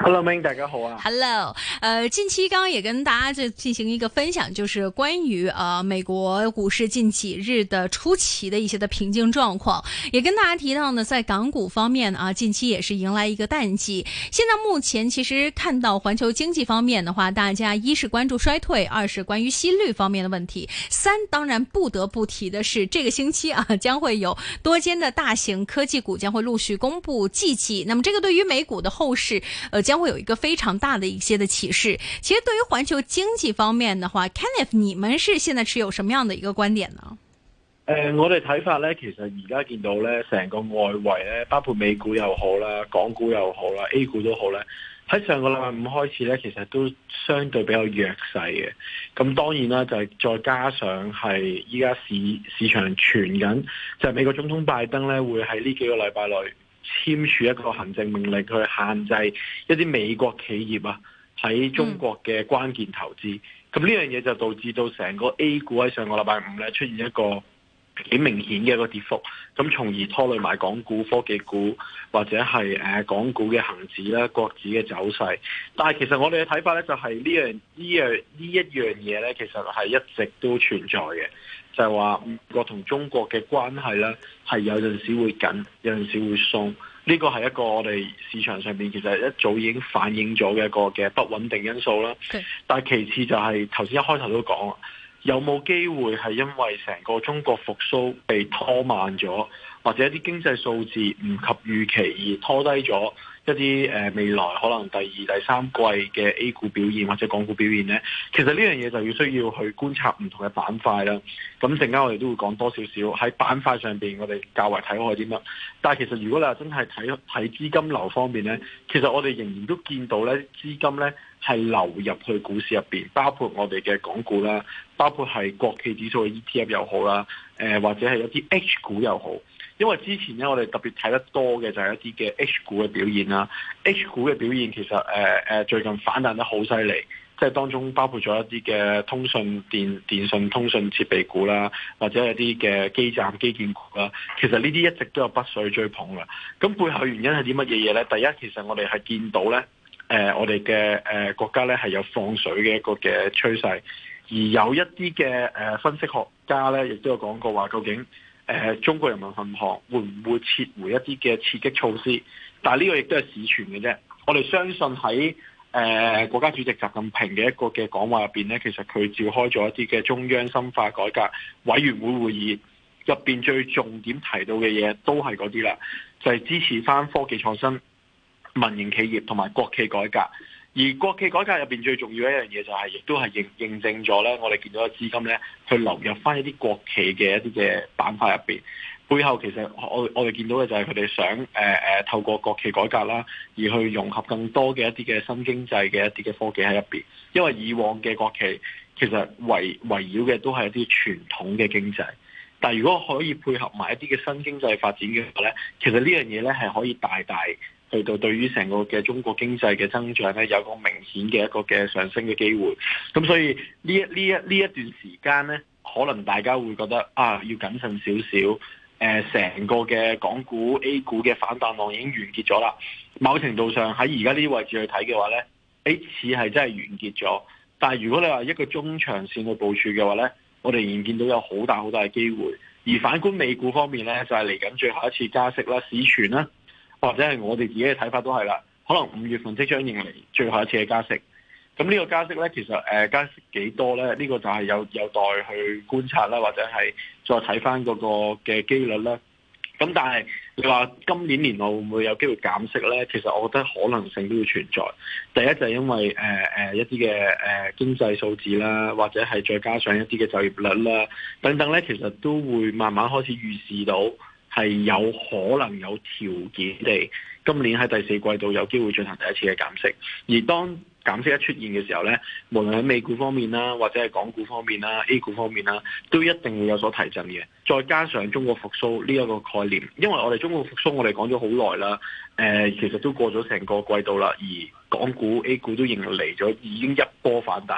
Hello，man, 大家好啊！Hello，呃，近期剛剛也跟大家在進行一個分享，就是關於呃美國股市近幾日的出奇的一些的平靜狀況，也跟大家提到呢，在港股方面啊，近期也是迎來一個淡季。現在目前其實看到環球經濟方面的話，大家一是關注衰退，二是關於息率方面的問題，三當然不得不提的是，這個星期啊將會有多間的大型科技股將會陸續公布季績。那麼這個對於美股的後市，呃。將會有一個非常大的一些的啟示。其實對於環球經濟方面的話，Kenneth，你們是現在持有什麼樣的一個觀點呢？誒、呃，我哋睇法咧，其實而家見到咧，成個外圍咧，包括美股又好啦，港股又好啦，A 股都好咧，喺上個禮拜五開始咧，其實都相對比較弱勢嘅。咁當然啦，就係再加上係依家市市場傳緊，就係、是、美國總統拜登咧會喺呢幾個禮拜內。簽署一個行政命令去限制一啲美國企業啊喺中國嘅關鍵投資，咁呢、嗯、樣嘢就導致到成個 A 股喺上個禮拜五咧出現一個幾明顯嘅一個跌幅，咁從而拖累埋港股科技股或者係誒港股嘅恆指啦、國指嘅走勢。但係其實我哋嘅睇法咧，就係呢樣呢樣呢一樣嘢咧，其實係一直都存在嘅。就係話美國同中國嘅關係呢，係有陣時會緊，有陣時會鬆。呢、這個係一個我哋市場上面其實一早已經反映咗嘅一個嘅不穩定因素啦。是但係其次就係頭先一開頭都講，有冇機會係因為成個中國復甦被拖慢咗，或者一啲經濟數字唔及預期而拖低咗？一啲誒未來可能第二、第三季嘅 A 股表現或者港股表現咧，其實呢樣嘢就要需要去觀察唔同嘅板塊啦。咁陣間我哋都會講多少少喺板塊上面，我哋較為睇開啲乜。但係其實如果你話真係睇睇資金流方面咧，其實我哋仍然都見到咧資金咧係流入去股市入面，包括我哋嘅港股啦，包括係國企指數嘅 ETF 又好啦、呃，或者係一啲 H 股又好。因為之前咧，我哋特別睇得多嘅就係一啲嘅 H 股嘅表現啦。H 股嘅表現其實誒誒最近反彈得好犀利，即係當中包括咗一啲嘅通訊電電信、通訊設備股啦，或者一啲嘅基站基建股啦。其實呢啲一直都有北水追捧嘅。咁背後原因係啲乜嘢嘢咧？第一，其實我哋係見到咧，誒我哋嘅誒國家咧係有放水嘅一個嘅趨勢，而有一啲嘅誒分析學家咧，亦都有講過話，究竟。誒、呃，中國人民銀行會唔會撤回一啲嘅刺激措施？但係呢個亦都係市傳嘅啫。我哋相信喺誒、呃、國家主席習近平嘅一個嘅講話入邊呢，其實佢召開咗一啲嘅中央深化改革委員會會議入邊，最重點提到嘅嘢都係嗰啲啦，就係、是、支持翻科技創新、民營企業同埋國企改革。而國企改革入邊最重要一樣嘢就係，亦都係認認證咗咧，我哋見到嘅資金咧，去流入翻一啲國企嘅一啲嘅板塊入邊。背後其實我我哋見到嘅就係佢哋想誒誒透過國企改革啦，而去融合更多嘅一啲嘅新經濟嘅一啲嘅科技喺入邊。因為以往嘅國企其實圍圍繞嘅都係一啲傳統嘅經濟，但係如果可以配合埋一啲嘅新經濟發展嘅話咧，其實呢樣嘢咧係可以大大。去到對於成個嘅中國經濟嘅增長咧，有個明顯嘅一個嘅上升嘅機會。咁所以呢一呢一呢一段時間咧，可能大家會覺得啊，要謹慎少少。誒、呃，成個嘅港股 A 股嘅反彈浪已經完結咗啦。某程度上喺而家呢啲位置去睇嘅話咧，A 市係真係完結咗。但係如果你話一個中長線嘅部署嘅話咧，我哋仍然見到有好大好大嘅機會。而反觀美股方面咧，就係嚟緊最後一次加息啦，市傳啦。或者係我哋自己嘅睇法都係啦，可能五月份即將迎嚟最後一次嘅加息。咁呢個加息咧，其實誒、呃、加息幾多咧？呢個就係有有待去觀察啦，或者係再睇翻嗰個嘅幾率啦。咁但係你話今年年內會唔會有機會減息咧？其實我覺得可能性都會存在。第一就係因為誒、呃、一啲嘅誒經濟數字啦，或者係再加上一啲嘅就業率啦等等咧，其實都會慢慢開始預示到。係，有可能有條件地，今年喺第四季度有機會進行第一次嘅減息，而當。減息一出現嘅時候呢，無論喺美股方面啦，或者係港股方面啦、A 股方面啦，都一定會有所提振嘅。再加上中國復甦呢一個概念，因為我哋中國復甦我哋講咗好耐啦，誒其實都過咗成個季度啦，而港股、A 股都迎嚟咗已經一波反彈，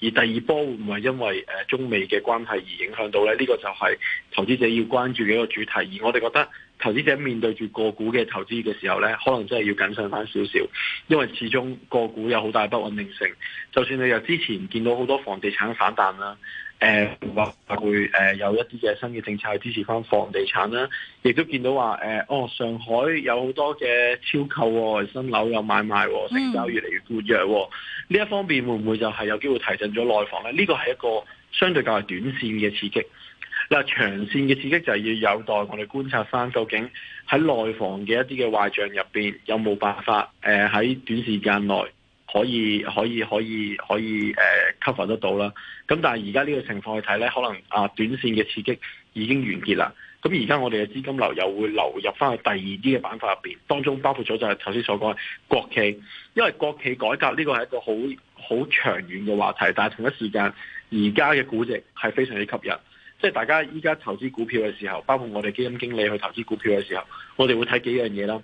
而第二波會唔會因為誒中美嘅關係而影響到呢？呢個就係投資者要關注嘅一個主題，而我哋覺得。投資者面對住個股嘅投資嘅時候呢，可能真係要謹慎翻少少，因為始終個股有好大不穩定性。就算你又之前見到好多房地產反彈啦，誒、呃、或會有一啲嘅新嘅政策去支持翻房地產啦，亦都見到話誒、呃，哦上海有好多嘅超購，新樓有買賣，成交越嚟越活躍。呢一方面會唔會就係有機會提振咗內房呢？呢個係一個相對較為短線嘅刺激。嗱，長線嘅刺激就係要有待我哋觀察翻，究竟喺內房嘅一啲嘅壞賬入邊，有冇辦法喺短時間內可以可以可以可以、呃、cover 得到啦？咁但係而家呢個情況去睇咧，可能啊短線嘅刺激已經完結啦。咁而家我哋嘅資金流又會流入翻去第二啲嘅板塊入邊，當中包括咗就係頭先所講嘅國企，因為國企改革呢個係一個好好長遠嘅話題，但係同一時間而家嘅估值係非常之吸引。即係大家依家投資股票嘅時候，包括我哋基金經理去投資股票嘅時候，我哋會睇幾樣嘢啦。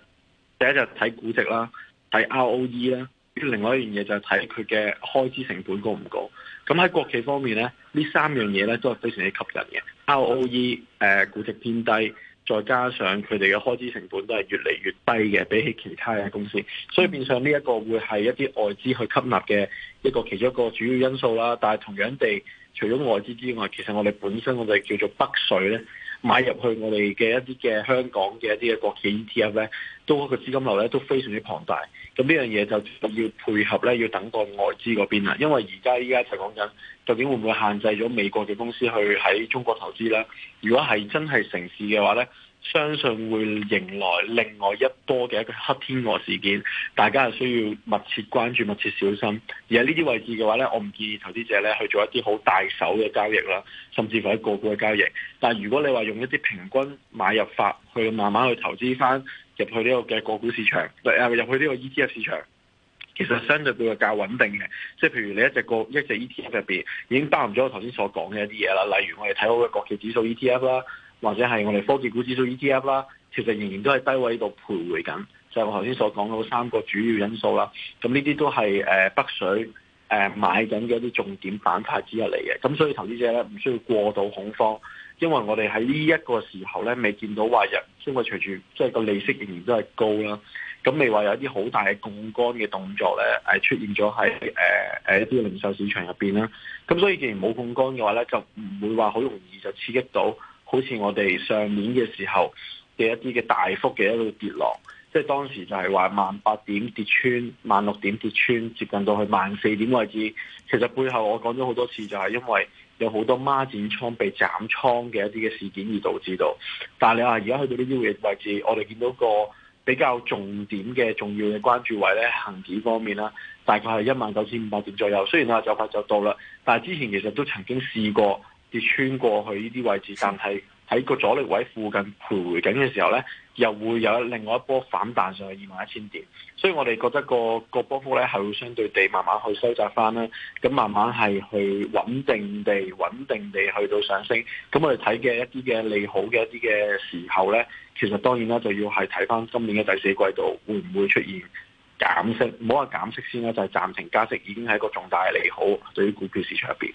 第一就係睇估值啦，睇 ROE 啦。另外一樣嘢就係睇佢嘅開支成本高唔高。咁喺國企方面咧，呢三樣嘢咧都係非常之吸引嘅。ROE 誒、呃、估值偏低。再加上佢哋嘅開支成本都係越嚟越低嘅，比起其他嘅公司，所以變相呢一個會係一啲外資去吸納嘅一個其中一個主要因素啦。但係同樣地，除咗外資之外，其實我哋本身我哋叫做北水咧買入去我哋嘅一啲嘅香港嘅一啲嘅國企 ETF 咧，都個資金流咧都非常之龐大。咁呢樣嘢就仲要配合咧，要等到外資嗰邊啦，因為而家依家就講緊。究竟會唔會限制咗美國嘅公司去喺中國投資呢？如果係真係成事嘅話呢，相信會迎來另外一波嘅一個黑天鵝事件，大家係需要密切關注、密切小心。而喺呢啲位置嘅話呢，我唔建議投資者呢去做一啲好大手嘅交易啦，甚至乎喺個股嘅交易。但如果你話用一啲平均買入法去慢慢去投資翻入去呢個嘅個股市場，入去呢個 ETF 市場。其實相對比較穩定嘅，即係譬如你一隻個一隻 ETF 入邊已經包含咗我頭先所講嘅一啲嘢啦，例如我哋睇好嘅國企指數 ETF 啦，或者係我哋科技股指數 ETF 啦，其實仍然都係低位度徘徊緊，就係我頭先所講到三個主要因素啦。咁呢啲都係誒北水誒買緊嘅一啲重點板塊之一嚟嘅，咁所以投資者咧唔需要過度恐慌，因為我哋喺呢一個時候咧未見到話人因為隨住即係個利息仍然都係高啦。咁你話有一啲好大嘅槓桿嘅動作咧，出現咗喺誒一啲零售市場入邊啦。咁所以既然冇槓桿嘅話咧，就唔會話好容易就刺激到，好似我哋上年嘅時候嘅一啲嘅大幅嘅一個跌落。即係當時就係話萬八點跌穿，萬六點跌穿，接近到去萬四點位置。其實背後我講咗好多次，就係因為有好多孖展倉被斬倉嘅一啲嘅事件而導致到。但係你話而家去到呢啲嘅位置，我哋見到個比較重點嘅重要嘅關注位咧，恆指方面啦，大概係一萬九千五百點左右。雖然啊，就快就到啦，但係之前其實都曾經試過跌穿過去呢啲位置，但係。喺個阻力位附近徘徊緊嘅時候咧，又會有另外一波反彈上去二萬一千點，所以我哋覺得個個波幅咧係會相對地慢慢去收窄翻啦，咁慢慢係去穩定地、穩定地去到上升。咁我哋睇嘅一啲嘅利好嘅一啲嘅時候咧，其實當然啦就要係睇翻今年嘅第四季度會唔會出現減息，唔好話減息先啦，就係暫停加息已經係一個重大嘅利好對於股票市場入邊。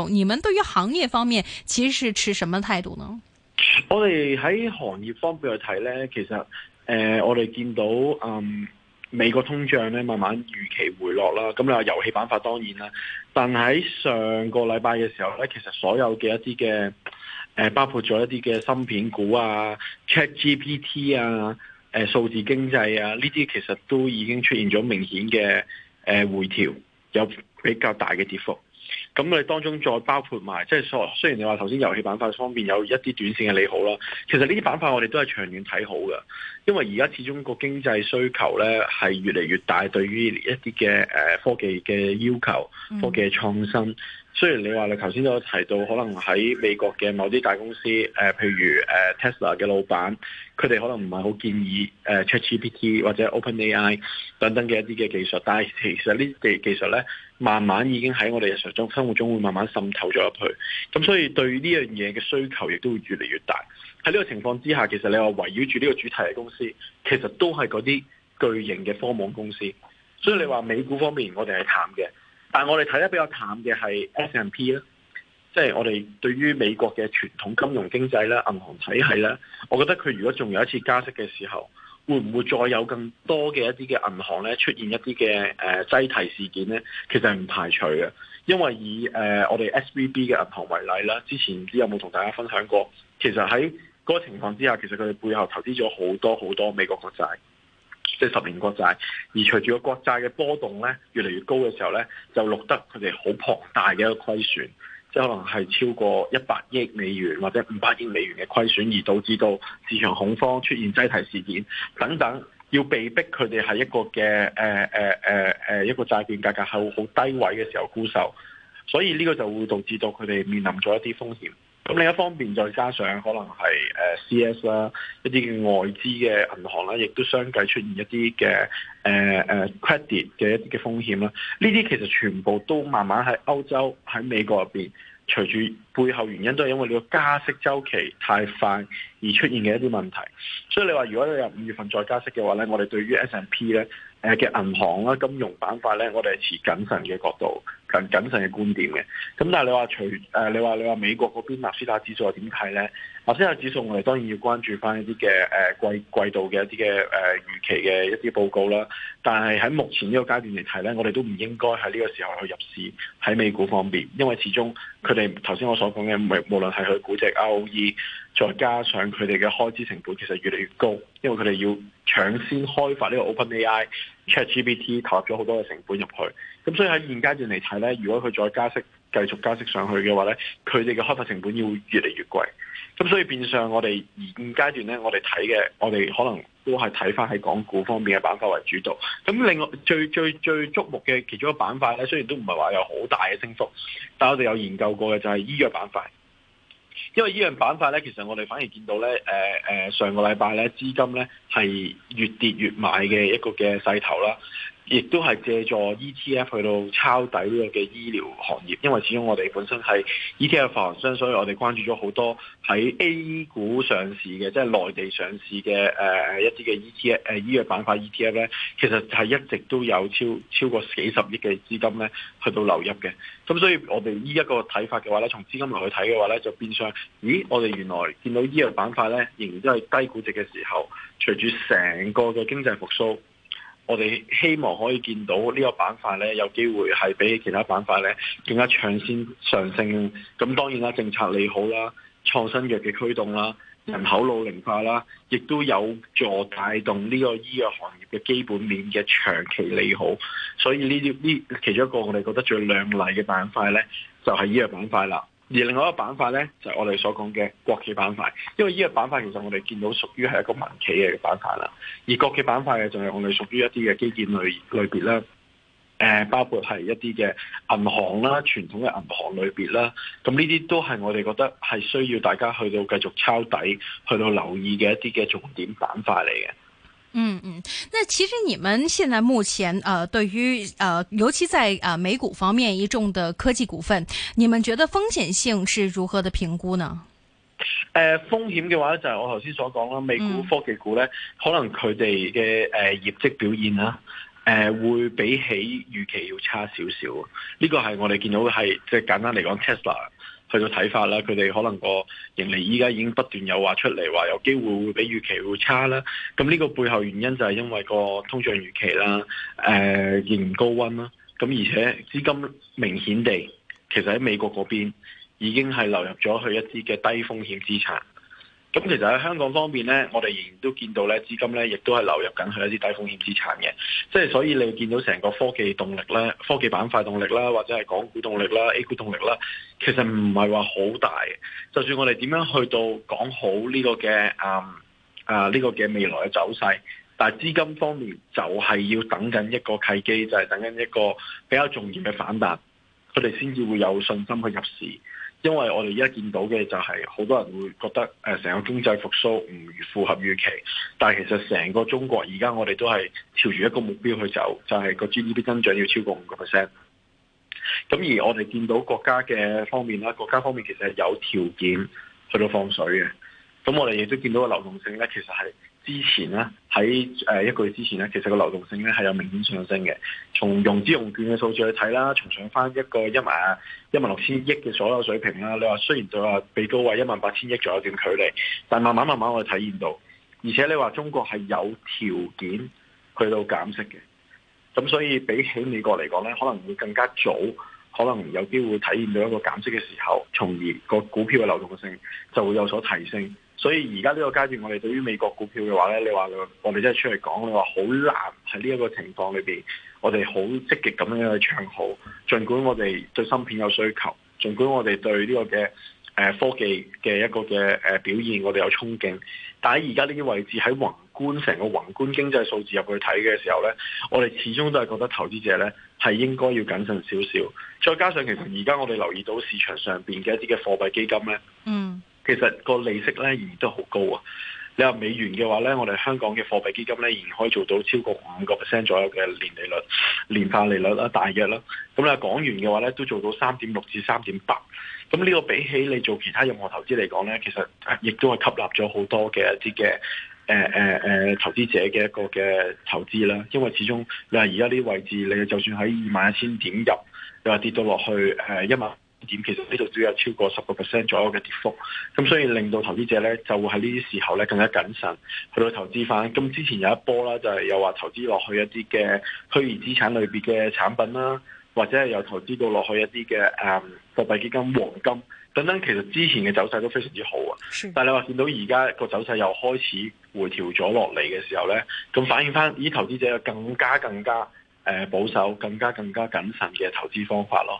你們對於行業方面其實是持什麼態度呢？我哋喺行業方面去睇呢，其實誒、呃，我哋見到嗯，美國通脹咧慢慢預期回落啦。咁你話遊戲板塊當然啦，但喺上個禮拜嘅時候呢，其實所有嘅一啲嘅誒，包括咗一啲嘅芯片股啊、Chat GPT 啊、誒、呃、數字經濟啊，呢啲其實都已經出現咗明顯嘅誒、呃、回調，有比較大嘅跌幅。咁你哋當中再包括埋，即係所雖然你話頭先遊戲板塊方面有一啲短線嘅利好啦，其實呢啲板塊我哋都係長遠睇好嘅，因為而家始終個經濟需求咧係越嚟越大，對於一啲嘅誒科技嘅要求、科技嘅創新。雖然你話你頭先都有提到，可能喺美國嘅某啲大公司，誒、呃，譬如誒 Tesla 嘅老闆，佢哋可能唔係好建議誒 ChatGPT、呃、或者 OpenAI 等等嘅一啲嘅技術，但係其實術呢啲技技術咧，慢慢已經喺我哋日常中生活中會慢慢滲透咗入去，咁所以對呢樣嘢嘅需求亦都會越嚟越大。喺呢個情況之下，其實你話圍繞住呢個主題嘅公司，其實都係嗰啲巨型嘅科網公司。所以你話美股方面我，我哋係淡嘅。但係我哋睇得比較淡嘅係 S&P 咧，即係我哋對於美國嘅傳統金融經濟咧、銀行體系咧，我覺得佢如果仲有一次加息嘅時候，會唔會再有更多嘅一啲嘅銀行咧出現一啲嘅誒擠提事件咧？其實係唔排除嘅，因為以、呃、我哋 S V B 嘅銀行為例啦，之前唔知有冇同大家分享過？其實喺嗰個情況之下，其實佢哋背後投資咗好多好多美國國債。即係十年國債，而隨住個國債嘅波動咧，越嚟越高嘅時候咧，就錄得佢哋好龐大嘅一個虧損，即係可能係超過一百億美元或者五百億美元嘅虧損，而導致到市場恐慌、出現擠提事件等等，要被逼佢哋喺一個嘅誒誒誒誒一個債券價格係好低位嘅時候沽售，所以呢個就會導致到佢哋面臨咗一啲風險。咁另一方面，再加上可能係 CS 啦，一啲嘅外資嘅銀行啦，亦都相繼出現一啲嘅、呃、credit 嘅一啲嘅風險啦。呢啲其實全部都慢慢喺歐洲、喺美國入面。隨住背後原因都係因為呢個加息周期太快而出現嘅一啲問題。所以你話，如果你有五月份再加息嘅話咧，我哋對於 S&P 咧，誒嘅銀行啦，金融板塊咧，我哋係持謹慎嘅角度，同謹慎嘅觀點嘅。咁但係你話除誒、呃，你話你話美國嗰邊納斯達指數係點睇咧？納斯達指數我哋當然要關注翻一啲嘅誒季季度嘅一啲嘅誒預期嘅一啲報告啦。但係喺目前呢個階段嚟睇咧，我哋都唔應該喺呢個時候去入市喺美股方面，因為始終佢哋頭先我所講嘅，無論係佢估值 ROE，再加上佢哋嘅開支成本其實越嚟越高，因為佢哋要。搶先開發呢個 OpenAI ChatGPT，投入咗好多嘅成本入去，咁所以喺現階段嚟睇咧，如果佢再加息，繼續加息上去嘅話咧，佢哋嘅開發成本要越嚟越貴，咁所以變相我哋現階段咧，我哋睇嘅，我哋可能都係睇翻喺港股方面嘅板塊為主導。咁另外最最最觸目嘅其中一個板塊咧，雖然都唔係話有好大嘅升幅，但係我哋有研究過嘅就係醫藥板塊。因為呢樣板塊咧，其實我哋反而見到咧，誒、呃、誒、呃，上個禮拜咧，資金咧係越跌越買嘅一個嘅勢頭啦。亦都係借助 ETF 去到抄底呢個嘅醫療行業，因為始終我哋本身係 ETF 發行商，所以我哋關注咗好多喺 A 股上市嘅，即係內地上市嘅誒誒一啲嘅 ETF 誒、啊、醫藥板塊 ETF 咧，其實係一直都有超超過幾十億嘅資金咧去到流入嘅。咁所以我哋呢一個睇法嘅話咧，從資金嚟去睇嘅話咧，就變相咦，我哋原來見到醫藥板塊咧仍然都係低估值嘅時候，隨住成個嘅經濟復甦。我哋希望可以見到呢個板塊咧，有機會係比其他板塊咧更加搶先上升。咁當然啦，政策利好啦，創新藥嘅驅動啦，人口老齡化啦，亦都有助帶動呢個醫藥行業嘅基本面嘅長期利好。所以呢啲呢其中一個我哋覺得最亮麗嘅板塊咧，就係醫藥板塊啦。而另外一個板塊咧，就係我哋所講嘅國企板塊，因為呢個板塊其實我哋見到屬於係一個民企嘅板塊啦。而國企板塊嘅就係我哋屬於一啲嘅基建類類別啦。誒，包括係一啲嘅銀行啦，傳統嘅銀行類別啦，咁呢啲都係我哋覺得係需要大家去到繼續抄底，去到留意嘅一啲嘅重點板塊嚟嘅。嗯嗯，那其實你們現在目前，呃，對於，呃，尤其在啊美股方面一眾的科技股份，你們覺得風險性是如何的評估呢？誒、呃，風險嘅話咧，就係我頭先所講啦，美股科技股咧，嗯、可能佢哋嘅誒業績表現啦、啊，誒、呃、會比起預期要差少少，呢、這個係我哋見到嘅係，即、就、係、是、簡單嚟講，Tesla。去到睇法啦，佢哋可能個盈利依家已經不斷有話出嚟，話有機會會比預期會差啦。咁呢個背後原因就係因為個通脹預期啦，呃、仍然高溫啦。咁而且資金明顯地，其實喺美國嗰邊已經係流入咗去一啲嘅低風險資產。咁其實喺香港方面咧，我哋仍然都見到咧，資金咧亦都係流入緊去一啲低風險資產嘅，即係所以你會見到成個科技動力咧、科技板塊動力啦、或者係港股動力啦、A 股動力啦，其實唔係話好大。就算我哋點樣去到講好呢個嘅、嗯、啊呢、呢個嘅未來嘅走勢，但係資金方面就係要等緊一個契機，就係、是、等緊一個比較重要嘅反彈，佢哋先至會有信心去入市。因為我哋而家見到嘅就係好多人會覺得誒，成個經濟復甦唔符合預期，但係其實成個中國而家我哋都係朝住一個目標去走，就係個 GDP 增長要超過五個 percent。咁而我哋見到國家嘅方面啦，國家方面其實係有條件去到放水嘅。咁我哋亦都見到個流動性咧，其實係。之前咧，喺誒一個月之前咧，其實個流動性咧係有明顯上升嘅。從融資融券嘅數字去睇啦，重上翻一個一萬一萬六千億嘅所有水平啦。你話雖然就話比高位一萬八千億仲有段距離，但慢慢慢慢我哋體驗到，而且你話中國係有條件去到減息嘅。咁所以比起美國嚟講咧，可能會更加早，可能有機會體驗到一個減息嘅時候，從而個股票嘅流動性就會有所提升。所以而家呢個階段，我哋對於美國股票嘅話呢，你話我哋真係出嚟講，你話好難喺呢一個情況裏面，我哋好積極咁樣去唱好。儘管我哋對芯片有需求，儘管我哋對呢個嘅科技嘅一個嘅表現，我哋有憧憬。但係而家呢啲位置，喺宏觀成個宏觀經濟數字入去睇嘅時候呢，我哋始終都係覺得投資者呢係應該要謹慎少少。再加上其實而家我哋留意到市場上面嘅一啲嘅貨幣基金呢。嗯。其實個利息咧仍然都好高啊！你話美元嘅話咧，我哋香港嘅貨幣基金咧，仍然可以做到超過五個 percent 左右嘅年利率、年化利率啦、大約啦。咁你話港元嘅話咧，都做到三點六至三點八。咁呢個比起你做其他任何投資嚟講咧，其實亦都係吸納咗好多嘅一啲嘅誒誒誒投資者嘅一個嘅投資啦。因為始終你話而家呢啲位置，你就算喺二萬一千點入，又跌到落去誒一萬。Uh, 1, 點其實呢度只有超過十個 percent 左右嘅跌幅，咁所以令到投資者咧就會喺呢啲時候咧更加謹慎去到投資翻。咁之前有一波啦，就係、是、又話投資落去一啲嘅虛擬資產類別嘅產品啦，或者係又投資到落去一啲嘅誒貨幣基金、黃金等等。其實之前嘅走勢都非常之好啊，但係你話見到而家個走勢又開始回調咗落嚟嘅時候咧，咁反映翻，啲投資者更加更加、呃、保守、更加更加謹慎嘅投資方法咯。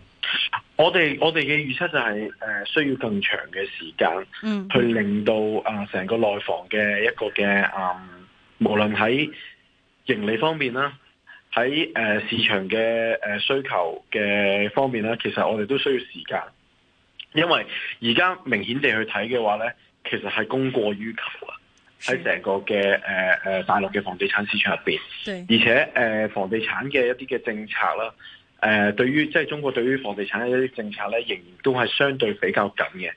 我哋我哋嘅預測就係、是、誒、呃、需要更長嘅時間，嗯、去令到啊成、呃、個內房嘅一個嘅誒、呃，無論喺盈利方面啦，喺誒、呃、市場嘅誒、呃、需求嘅方面啦，其實我哋都需要時間，因為而家明顯地去睇嘅話咧，其實係供過於求啊，喺成個嘅誒誒大陸嘅房地產市場入邊，是而且誒、呃、房地產嘅一啲嘅政策啦。呃誒、呃、對於即係中國對於房地產嘅一啲政策咧，仍然都係相對比較緊嘅，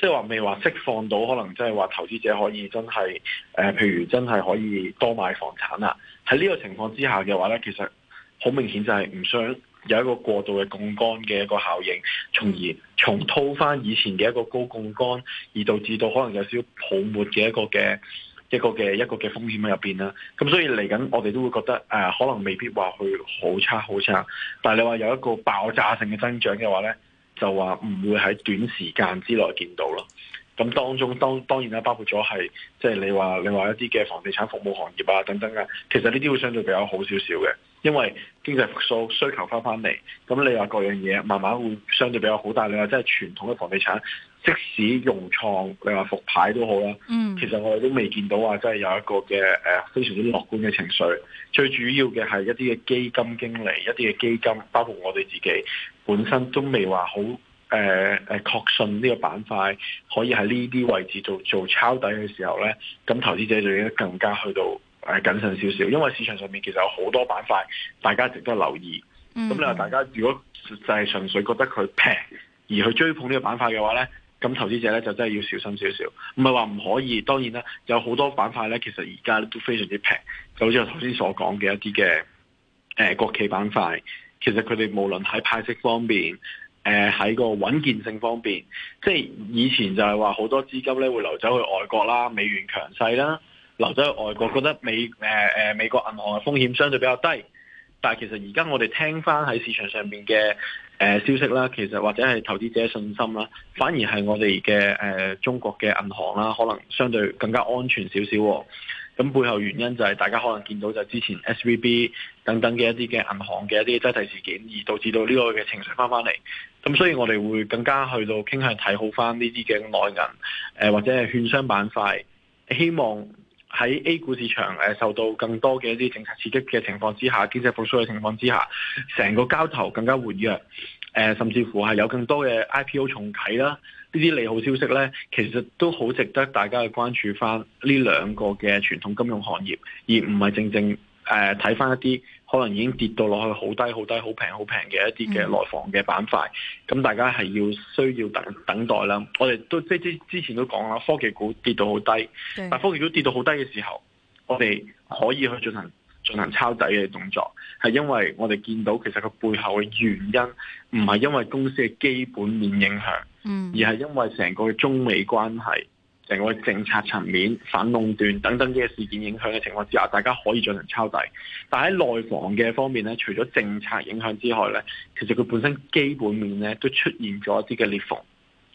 即係話未話釋放到，可能即係話投資者可以真係誒、呃，譬如真係可以多買房產啦。喺呢個情況之下嘅話咧，其實好明顯就係唔想有一個過度嘅槓桿嘅一個效應，從而重套翻以前嘅一個高槓桿，而導致到可能有少少泡沫嘅一個嘅。一個嘅一個嘅風險喺入邊啦，咁所以嚟緊我哋都會覺得，呃，可能未必話去好差好差，但係你話有一個爆炸性嘅增長嘅話咧，就話唔會喺短時間之內見到咯。咁當中，當，當然啦，包括咗係即係你話你話一啲嘅房地產服務行業啊等等啊，其實呢啲會相對比較好少少嘅，因為經濟復甦需求翻翻嚟，咁你話各樣嘢慢慢會相對比較好，但係你話即係傳統嘅房地產。即使融創，你話復牌都好啦，嗯、其實我哋都未見到啊，真係有一個嘅非常之樂觀嘅情緒。最主要嘅係一啲嘅基金經理，一啲嘅基金，包括我哋自己本身都未話好誒確信呢個板塊可以喺呢啲位置做做抄底嘅時候咧，咁投資者就應該更加去到誒謹慎少少，因為市場上面其實有好多板塊大家值得留意。咁你話大家如果就係純粹覺得佢平、呃、而去追捧呢個板塊嘅話咧？咁投資者咧就真係要小心少少，唔係話唔可以。當然啦，有好多板塊咧，其實而家都非常之平，就好似我頭先所講嘅一啲嘅誒國企板塊。其實佢哋無論喺派息方面，誒、呃、喺個穩健性方面，即係以前就係話好多資金咧會流走去外國啦，美元強勢啦，流走去外國，覺得美誒、呃呃、美國銀行嘅風險相對比較低。但係其實而家我哋聽翻喺市場上面嘅誒、呃、消息啦，其實或者係投資者信心啦，反而係我哋嘅誒中國嘅銀行啦，可能相對更加安全少少，啊。咁背後原因就係大家可能見到就之前 SVB 等等嘅一啲嘅銀行嘅一啲嘅擠提事件，而導致到呢個嘅情緒翻翻嚟。咁所以我哋會更加去到傾向睇好翻呢啲嘅內銀誒、呃，或者係券商板塊，希望，喺 A 股市場誒受到更多嘅一啲政策刺激嘅情況之下，經濟復甦嘅情況之下，成個交投更加活躍，誒、呃、甚至乎係有更多嘅 IPO 重啟啦，呢啲利好消息咧，其實都好值得大家去關注翻呢兩個嘅傳統金融行業，而唔係正正誒睇翻一啲。可能已經跌到落去好低、好低、好平、好平嘅一啲嘅內房嘅板塊，咁、嗯、大家係要需要等等待啦。我哋都即係之前都講啦，科技股跌到好低，是但科技股跌到好低嘅時候，我哋可以去進行進行抄底嘅動作，係因為我哋見到其實個背後嘅原因唔係因為公司嘅基本面影響，嗯、而係因為成個中美關係。整個政策層面反壟斷等等嘅事件影響嘅情況之下，大家可以進行抄底。但喺內房嘅方面咧，除咗政策影響之外咧，其實佢本身基本面咧都出現咗一啲嘅裂縫，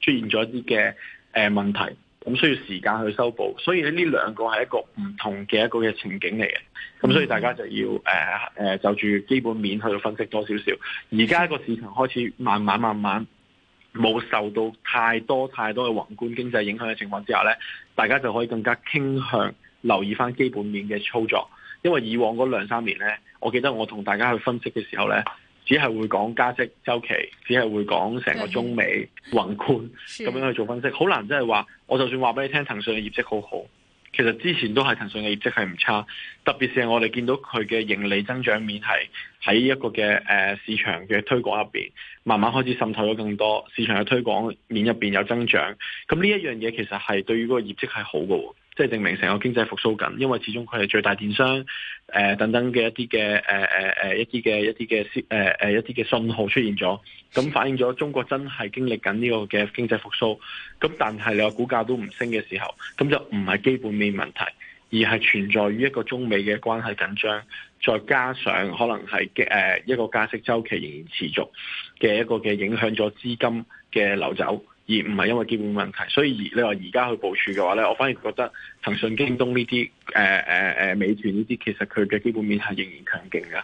出現咗一啲嘅誒問題，咁需要時間去修補。所以呢呢兩個係一個唔同嘅一個嘅情景嚟嘅。咁、嗯嗯、所以大家就要誒誒、呃呃、就住基本面去分析多少少。而家個市場開始慢慢慢慢。冇受到太多太多嘅宏觀經濟影響嘅情況之下咧，大家就可以更加傾向留意翻基本面嘅操作。因為以往嗰兩三年咧，我記得我同大家去分析嘅時候咧，只係會講加息週期，只係會講成個中美宏觀咁的樣去做分析，好難即係話，我就算話俾你聽騰訊嘅業績好好。其實之前都係騰訊嘅業績係唔差，特別是我哋見到佢嘅盈利增長面係喺一個嘅誒市場嘅推廣入邊，慢慢開始滲透咗更多市場嘅推廣面入邊有增長，咁呢一樣嘢其實係對於嗰個業績係好嘅。即係證明成個經濟復甦緊，因為始終佢係最大電商，誒、呃、等等嘅一啲嘅誒誒誒一啲嘅一啲嘅誒誒一啲嘅信號出現咗，咁反映咗中國真係經歷緊呢個嘅經濟復甦。咁但係你話股價都唔升嘅時候，咁就唔係基本面問題，而係存在於一個中美嘅關係緊張，再加上可能係嘅誒一個加息周期仍然持續嘅一個嘅影響咗資金嘅流走。而唔係因為基本問題，所以而你話而家去部署嘅話咧，我反而覺得騰訊京東呢啲，誒誒誒美團呢啲，其實佢嘅基本面係仍然強勁嘅。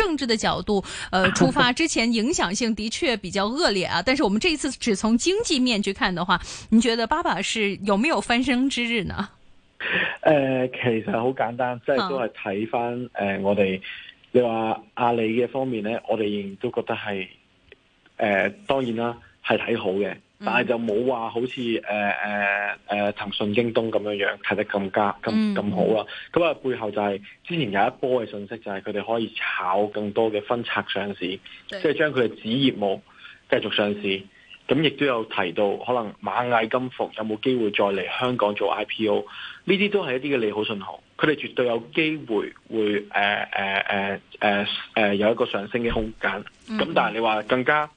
政治的角度，呃，出發之前影響性的確比較惡劣啊。但是我們這一次只從經濟面去看的話，你覺得巴巴是有沒有翻身之日呢？誒、呃，其實好簡單，即係都係睇翻誒，我哋你話阿里嘅方面咧，我哋仍然都覺得係誒、呃，當然啦，係睇好嘅。嗯、但係就冇話好似誒誒誒騰訊、京東咁樣樣睇得咁加咁咁、嗯、好啦。咁啊背後就係之前有一波嘅信息，就係佢哋可以炒更多嘅分拆上市，即係對將佢嘅子業務繼續上市。咁亦、嗯、都有提到，可能螞蟻金服有冇機會再嚟香港做 IPO？呢啲都係一啲嘅利好信號。佢哋絕對有機會會誒誒、呃呃呃呃呃、有一個上升嘅空間。咁、嗯、但係你話更加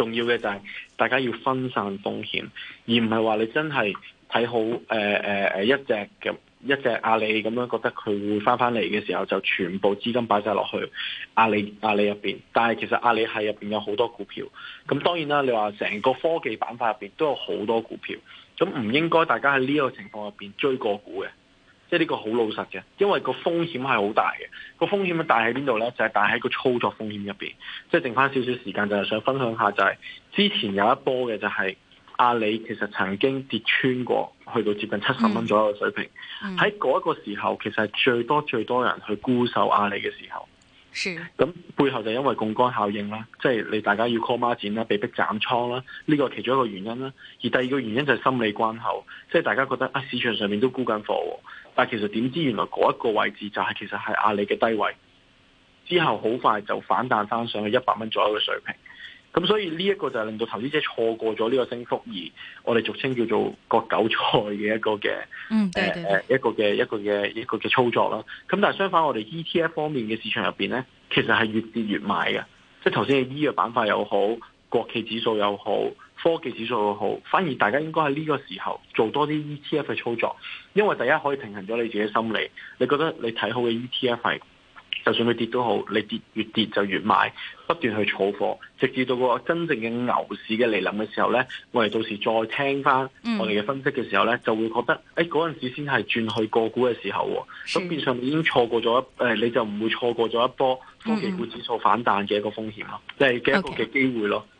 重要嘅就係大家要分散風險，而唔係話你真係睇好誒誒誒一隻咁一隻阿里咁樣覺得佢會返返嚟嘅時候，就全部資金擺晒落去阿里阿里入邊。但係其實阿里係入邊有好多股票，咁當然啦，你話成個科技板塊入邊都有好多股票，咁唔應該大家喺呢一個情況入邊追個股嘅。即係呢個好老實嘅，因為個風險係好大嘅。個風險大喺邊度呢？就係、是、大喺個操作風險入面。即係剩翻少少時間，就係想分享一下、就是，就係之前有一波嘅、就是，就係阿里其實曾經跌穿過去到接近七十蚊左右嘅水平。喺嗰一個時候，嗯、其實係最多最多人去沽售阿里嘅時候。咁的背後就因為槓桿效應啦，即係你大家要 call 孖展啦，被逼斬倉啦，呢、這個其中一個原因啦。而第二個原因就係心理關口，即係大家覺得啊，市場上面都沽緊貨。但係其實點知原來嗰一個位置就係其實係阿里嘅低位，之後好快就反彈翻上去一百蚊左右嘅水平，咁所以呢一個就係令到投資者錯過咗呢個升幅，而我哋俗稱叫做割韭菜嘅一個嘅，嗯、對對對，一，一個嘅一個嘅一個嘅操作啦。咁但係相反我哋 E T F 方面嘅市場入邊咧，其實係越跌越買嘅，即係頭先嘅醫藥板塊又好，國企指數又好。科技指數好，反而大家應該喺呢個時候做多啲 ETF 嘅操作，因為第一可以平衡咗你自己嘅心理，你覺得你睇好嘅 ETF 係就算佢跌都好，你跌越跌就越買，不斷去儲貨，直至到個真正嘅牛市嘅嚟臨嘅時候咧，我哋到時再聽翻我哋嘅分析嘅時候咧，就會覺得誒嗰、哎、陣時先係轉去個股嘅時候、哦，咁是變相已經錯過咗誒，你就唔會錯過咗一波科技股指數反彈嘅一個風險咯，即係嘅一個嘅機會咯。Okay.